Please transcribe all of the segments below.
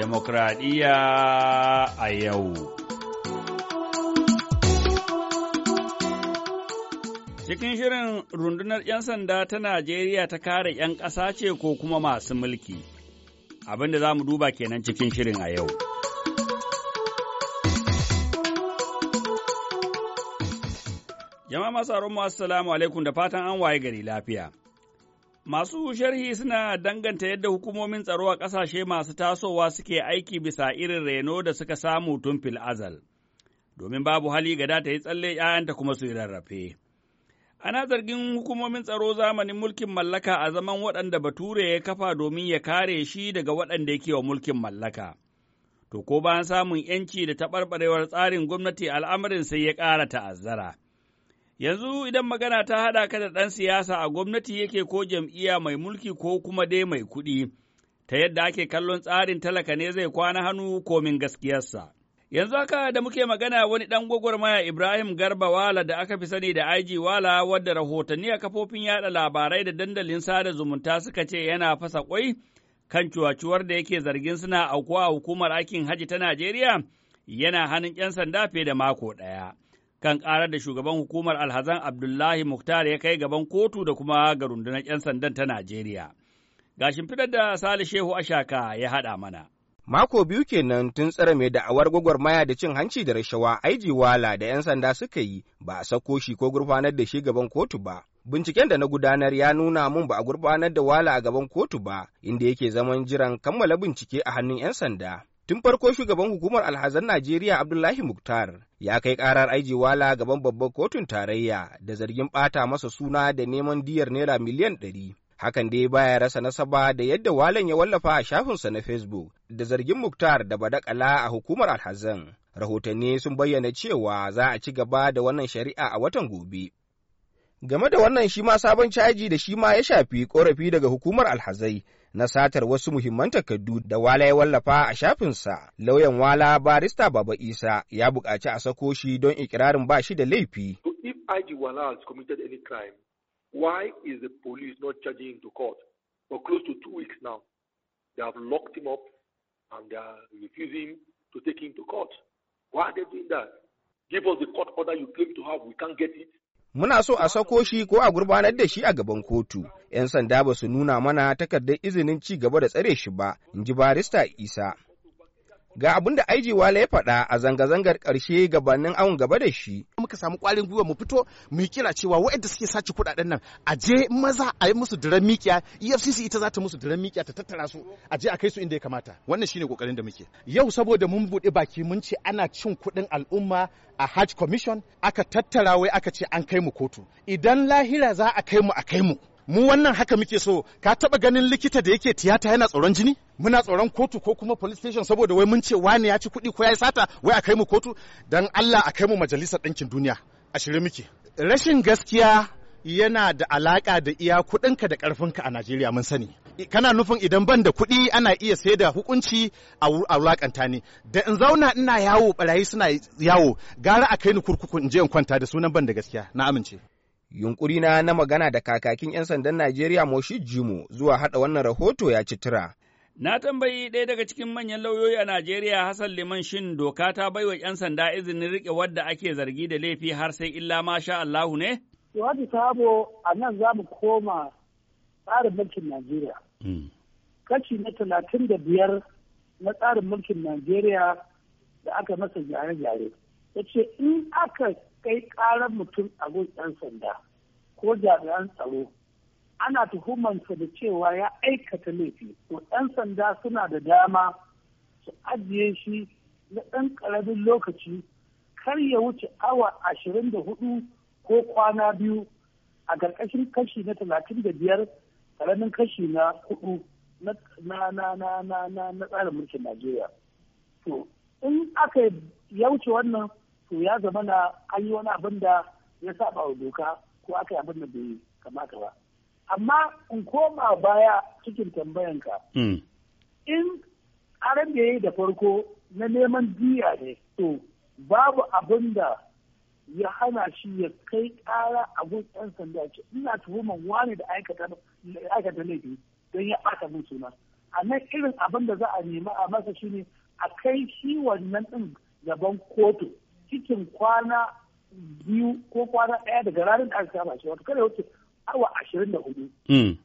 Demokradiyya a yau. Cikin shirin rundunar 'yan sanda ta Najeriya ta kare 'yan ƙasa ce ko kuma masu mulki. abinda za mu duba kenan cikin shirin a yau. Jama'a masu masu assalamu alaikum da fatan an waye gari lafiya. Masu sharhi suna danganta yadda hukumomin tsaro a ƙasashe masu tasowa suke aiki bisa irin reno da suka samu tun fil azal, domin babu hali gada ta yi tsalle ‘ya'yanta kuma su yi rarrafe. Ana zargin hukumomin tsaro zamanin mulkin mallaka a zaman waɗanda Bature ya kafa domin ya kare shi daga waɗanda yake wa mulkin mallaka. To, ko bayan samun ‘yanci da taɓarɓarewar tsarin gwamnati al'amarin sai ya ƙara ta'azzara. Yanzu idan magana ta haɗa ka da ɗan siyasa a gwamnati yake ko jam'iyya mai mulki ko kuma dai mai kuɗi, ta yadda ake kallon tsarin talaka ne zai kwana hannu komin gaskiyarsa. Yanzu haka da muke magana wani ɗan gwagwarmaya Ibrahim Garba Wala da aka fi sani da IG Wala wadda rahotanni a kafofin yaɗa labarai da dandalin sada zumunta suka ce yana fasa kwai kan cuwacuwar da yake zargin suna aukuwa hukumar aikin haji ta Najeriya yana hannun 'yan sanda fiye da mako ɗaya. kan ƙara da shugaban hukumar alhazan Abdullahi Muktar ya kai gaban kotu da kuma ga rundunar 'yan sandan ta Najeriya. Ga shimfidar da Sale Shehu Ashaka ya haɗa mana. Mako biyu kenan tun tsare mai da'awar gwagwarmaya da cin hanci da rashawa aiji wala da 'yan sanda suka yi ba a sako shi ko gurfanar da shi gaban kotu ba. Binciken da na gudanar ya nuna mun ba a gurfanar da wala a gaban kotu ba, inda yake zaman jiran kammala bincike a hannun 'yan sanda. Tun farko shugaban hukumar alhazan Najeriya Abdullahi Muktar ya kai karar aijiwala gaban babbar kotun tarayya da zargin ɓata masa suna da neman diyar naira miliyan ɗari. Hakan dai baya rasa nasaba da yadda Walan ya wallafa a shafinsa na Facebook da zargin Muktar da badakala a hukumar alhazan. Rahotanni sun bayyana cewa za a ci gaba da wannan shari'a a watan gobe. Game da wannan shi ma sabon caji da shi ma ya shafi korafi daga hukumar alhazai na satar wasu muhimman takardu da Wala ya wallafa a shafinsa. Lauyan Wala barista Baba Isa ya buƙaci a sako shi don ikirarin ba shi da laifi. If IG Wala has committed any crime, why is the police not charging him to court for close to two weeks now? They have locked him up and they are refusing to take him to court. Why are they doing that? Give us the court order you claim to have. We can't get it. Muna so a sako shi ko a gurbanar da shi a gaban kotu. 'Yan sanda ba su nuna mana takardar izinin ci gaba da tsare shi ba, in ji barista Isa. Ga abin da IG Wale ya faɗa a zanga-zangar ƙarshe gabanin awon gaba da shi. Muka samu ƙwarin gwiwa mu fito mu kira cewa waɗanda suke sace kuɗaɗen nan a je maza a yi musu diran mikiya EFCC ita za ta musu diran mikiya ta tattara su a je a kai su inda ya kamata. Wannan shine ƙoƙarin da muke. Yau saboda mun buɗe baki mun ce ana cin kuɗin al'umma a Hajj Commission aka tattara wai aka ce an kai mu kotu. Idan lahira za a kai mu a kai mu. mu wannan haka muke so ka taba ganin likita da yake tiyata yana tsoron jini muna tsoron kotu ko kuma police station saboda wai mun ce wani ya ci kuɗi ko ya yi sata wai a kai mu kotu dan Allah a kai mu majalisar ɗinkin duniya a shirye muke rashin gaskiya yana da alaka da iya kuɗinka da ƙarfinka a Najeriya mun sani kana nufin idan ban da kuɗi ana iya sai da hukunci a wulakanta ne da in zauna ina yawo barayi suna yawo gara a kai ni kurkuku in je in kwanta da sunan ban da gaskiya na amince Yunkurina na na magana da kakakin 'yan sandan Najeriya Moshi Jimo zuwa haɗa wannan rahoto ya ci tura. Na tambayi ɗaya daga cikin manyan lauyoyi a Najeriya Hassan Liman shin doka ta bai wa 'yan sanda izinin riƙe wadda ake zargi da laifi har sai illa ma sha Allahu ne? Wani sabo a nan za mu koma tsarin mulkin Najeriya. Hmm. Kashi na talatin da biyar na tsarin mulkin Najeriya da aka masa gyare-gyare. ya ce in aka kai karar mutum a gun 'yan sanda ko jami'an tsaro ana tuhumansa da cewa ya aikata laifi ko 'yan sanda suna da dama su ajiye shi na ɗan ƙaramin lokaci kar ya wuce awa ashirin da hudu ko kwana biyu a ƙarƙashin kashi na talatin da biyar ƙaramin kashi na hudu na tsarin mulkin najeriya to in aka yauce wannan to ya zama na an yi wani abin da ya saba wa doka ko aka yi abin da bai kamata ba amma in koma baya cikin tambayanka hmm. in aran da ya yi da farko na neman diya ne to babu abin da ya hana shi ya kai kara a gudun sanda ce ina tuhuman wani da aikata laifi don ya ɓata min suna a nan irin abin da za a nema a masa shi ne a kai shi wannan ɗin gaban kotu cikin kwana biyu ko kwana ɗaya daga ranar da aka saba shi wato kada wuce awa ashirin da hudu. Hmm.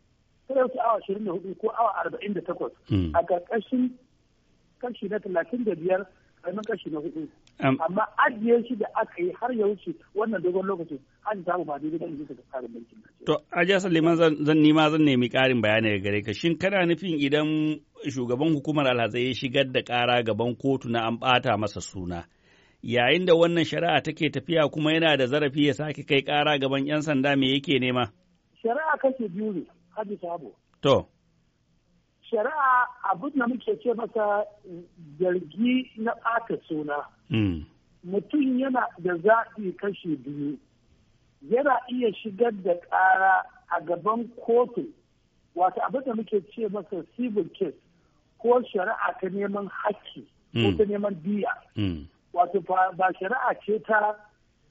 Kada wuce awa ashirin da hudu ko awa arba'in da takwas hmm. a ƙarƙashin kashi na talatin da biyar ƙaramin kashi na hudu. Um. Amma ajiye shi da aka yi har ya wuce wannan dogon lokacin an samu ba daidai da inda tsarin mulkin To, Ajiya Saliman zan nima zan nemi ƙarin bayani daga gare ka. Shin kana nufin idan shugaban hukumar alhazai ya shigar da ƙara gaban kotu na an ɓata masa suna? yayin da wannan shari'a take tafiya kuma yana da zarafi ya sake kai ƙara gaban 'yan sanda me yake nema? Shari'a kashe biyu ne, Haji Sabo. To. Shari'a abin da muke ce masa zargi na ɓata suna. Hmm. Mutum yana da zaɓi kashe biyu. Yana iya shigar da ƙara a gaban kotu, wata abin da muke ce masa civil case ko shari'a ta neman haƙƙi ko hmm. ta neman biya. Hmm. wato ba shari'a ce ta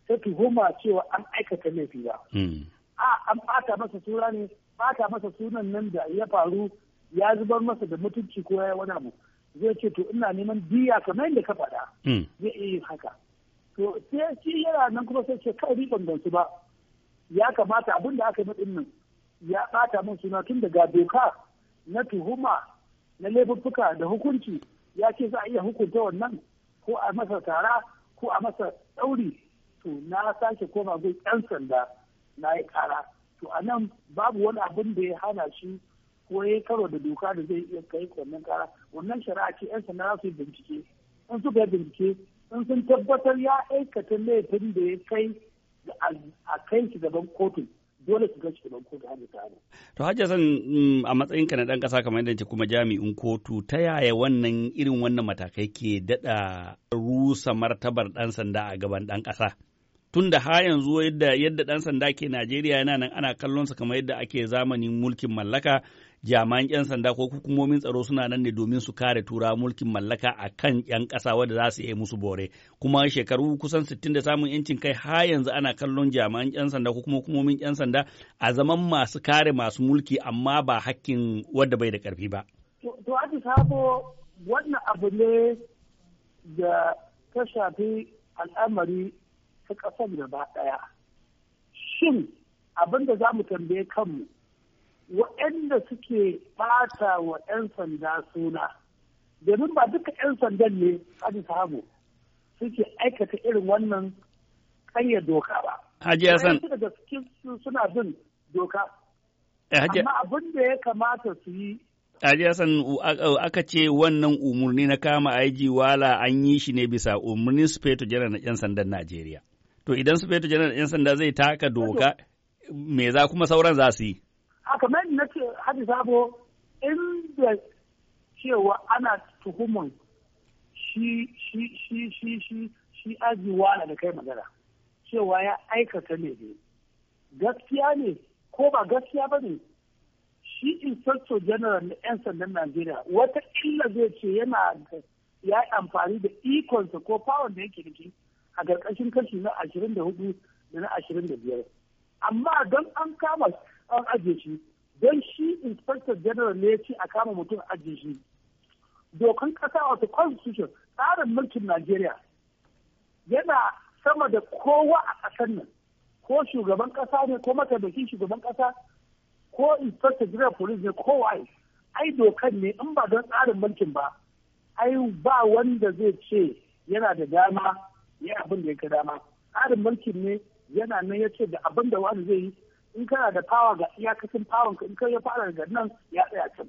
ta tuhuma cewa an aikata laifi ba. Hmm. A an ɓata masa sura ne, ɓata masa sunan nan da ya faru ya zubar masa da mutunci ko ya wani abu. Zai ce to ina neman biya kamar yadda ka faɗa. Hmm. Zai iya yin haka. To sai shi yana nan kuma sai ce kai ni gansu ba. Ya kamata abin da aka yi maɗin nan ya ɓata min suna tun daga doka na tuhuma na laifuffuka da hukunci ya ce za a iya hukunta wannan ko a masa tara ko a masa ɗauri to na sake koma zai yan sanda na yi kara to a nan babu wani abin da ya hana shi ko ya karo da doka da zai iya kai wannan kara wannan shari'a ce yan sanda za su bincike in suka yi bincike in sun tabbatar ya aikata laifin da ya kai a kai shi gaban kotun dole su ban kotu har ta To Hajja san mm, a matsayin ka na dan kasa kamar yadda kuma jami'in kotu ta yaya wannan irin wannan matakai ke dada rusa martabar dan sanda a gaban dan kasa. Tun da ha yanzu yadda yadda dan sanda ke Najeriya yana nan ana kallon sa kamar yadda ake zamanin mulkin mallaka jami'an 'yan sanda ko hukumomin tsaro suna nan ne domin su kare tura mulkin mallaka a kan 'yan ƙasa wadda za su yi musu bore kuma shekaru kusan 60 da samun 'yancin kai har yanzu ana kallon jami'an 'yan sanda ko kuma hukumomin 'yan sanda a zaman masu kare masu mulki amma ba hakkin wadda bai da ƙarfi ba. To a sabo wannan abu ne da ta shafi al'amari ta ƙasar gaba ɗaya. Shin abin da za mu tambaye kanmu waɗanda suke ɓata wa 'yan sanda suna domin ba duka 'yan sandan ne hajji sahabu suke aikata irin wannan karya doka ba. Hajji Hassan. da suke suna bin doka. Eh, Amma abin da ya kamata su yi Hajji Hassan aka ce wannan umarni na kama IG wala an yi shi ne bisa umarnin Sufeto Janar na 'yan sandan Najeriya. To idan Sufeto Janar na 'yan sanda zai taka doka, me za kuma sauran za su yi? a mai na ce hadi sabo inda cewa ana tuhumun shi shi shi shi shi shi da kai magana cewa ya aikata ne gaskiya ne ko ba gaskiya ba ne shi inspector general na 'yan sandan najeriya wata illa zai ce yana ya yi amfani da ikonsa ko power da yake da a ƙarƙashin kashi na ashirin da hudu da na ashirin da biyar amma don an kama an ajiye shi don shi inspector general ne ya ce a kama mutum ajiye shi dokan kasa wato constitution tsarin mulkin najeriya yana sama da kowa a ƙasar nan ko shugaban ƙasa ne ko mataimakin shugaban ƙasa ko inspector general police ne ko wai ai dokan ne in ba don tsarin mulkin ba ai ba wanda zai ce yana da dama ya abin da ya ga dama tsarin mulkin ne yana nan ya ce da abin da wani zai yi in kana da fawa ga iyakacin fawon ka in kai ya fara daga nan ya tsaya can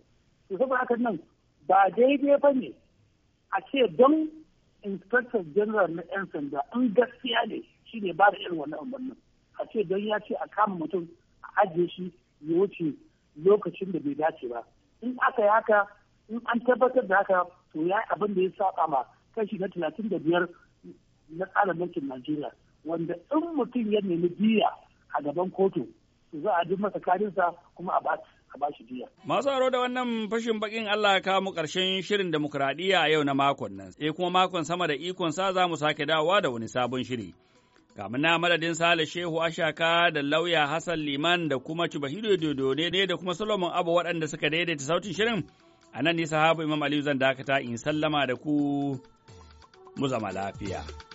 to saboda haka nan ba daidai ba ne a ce don inspector general na yan sanda in gaskiya ne shi ne ba da irin wannan umarnin a ce don ya ce a kama mutum a ajiye shi ya wuce lokacin da bai dace ba in aka yi haka in an tabbatar da haka to ya yi abin da ya saba ma kashi na talatin da biyar na tsarin mulkin najeriya wanda in mutum ya nemi biya a gaban kotu za a duk masa karinsa kuma a bashi Masu aro da wannan fashin bakin Allah ya kawo mu ƙarshen shirin demokuraɗiyya a yau na makon nan, sai kuma makon sama da ikon sa za mu sake dawowa da wani sabon shiri. Kamun na madadin Sale Shehu Ashaka da lauya Hassan Liman da kuma Cibahiru Dodo ne da kuma Solomon Abu waɗanda suka daidaita sautin shirin. A nan ne sahabu Imam Aliyu zan dakata in sallama da ku mu zama lafiya.